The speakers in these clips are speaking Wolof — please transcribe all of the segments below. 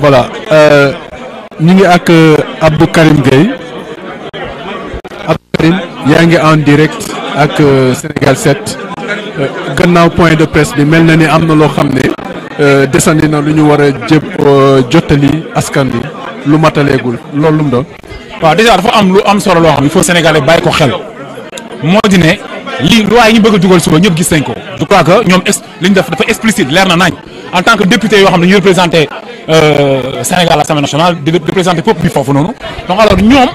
voilà euh, ñu ngi ak euh, Abdou Karim Gueye yaa ngi en direct ak euh, Sénégal set gannaaw point de presse bi mel na ni am na loo xam ne desandi na lu ñu war a jëb jottali askan bi lu mataleegul loolu lu mu doon. waa déjà dafa am lu am solo loo xam il faut Sénégalais bàyyi ko xel moo di ne lii loi yi ñu bëgg a suba ñëpp gis nañ ko. je crois que ñoom li ñu def dafa explicite leer na nañ. en tant que député yoo xam ne ñu représenté euh, Sénégal Assemblée nationale di représenté peuple bi foofu noonu donc alors ñoom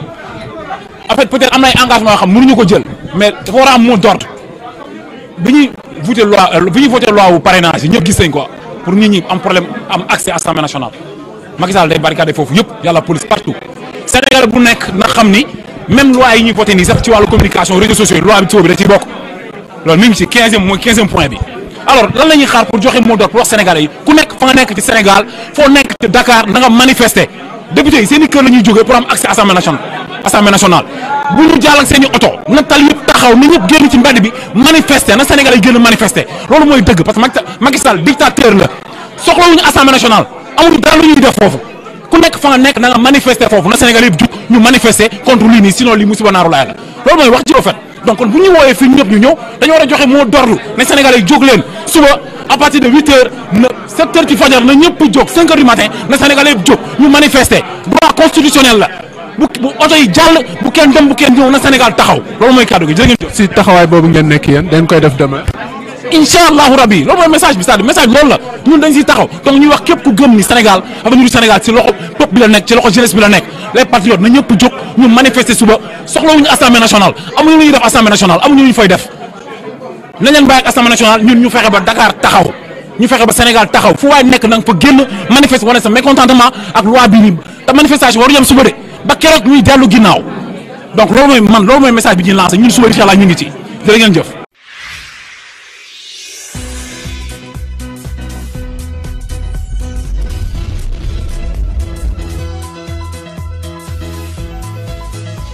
en fait peut-être am na engagement yoo xam mënuñu ko jël mais dafa war a am mot d'ordre bi ñuy voté loi euh, bi ñuy voté loi wu ko pour nit ñi am problème am accès Assemblée nationale Macky Sall day foofu yëpp yàlla police partout Sénégal bu nekk na xam ni même loi yi ñuy voté nii sax ci wàllu communication réseaux sociaux bi alors lan la ñuy xaar pour joxe mot d'ordre pour wax sénégalais yi ku nekk fa nga nekk ci Sénégal foo nekk Dakar na nga député yi seen kër la ñuy jógee pour am accès assemblée nationale assemblée nationale ak seen i oto na tal yëpp taxaw na ñëpp yi génn manifester loolu mooy dëgg parce que Macky Sall dictateur la soxlawuñu assemblée nationale amul dara lu def foofu ku nekk fa nga nekk na nga foofu na sénégalais yëpp jug ñu manifester contre lii nii sinon lii musiba naaru laay la loolu mooy wax ci au fait donc kon bu ñu wooyee fii ñëpp ñu ñëw dañu war a joxe moo dorlu ne Sénégalais yi jóg leen suba à partir de huit heures na sept ci fajar na ñëpp jóg cinq heures du matin na Sénégalais jóg ñu manifester droit constitutionnel la bu bu oto yi jàll bu kenn dem bu kenn ñëw na Sénégal taxaw loolu mooy kàddu gi jërë ngeen si taxawaay boobu ngeen nekk yéen dañ koy def demain. incha allahu rabi loolu mooy message bi c'est-à-dire message loolu la ñun dañ siy taxaw donc ñuy wax képp ku gëm ni Sénégal avenir du Sénégal si loxo peuple bi la nekk ci loxo jeunesse bi la nekk les patriotes na ñëpp jóg ñu manifester suba soxlawuñu assemblée nationale amuñu lu ñuy ñu fay def nañ leen bàyyi ak assemblée nationale ñu fexe ba Dakar taxaw ñu fexe ba Sénégal taxaw fu waay nekk na nga fa génn manifester wane sa mécontentement ak loi bi nii te manifestation waru yem suba ba keroog ginnaaw ngi ci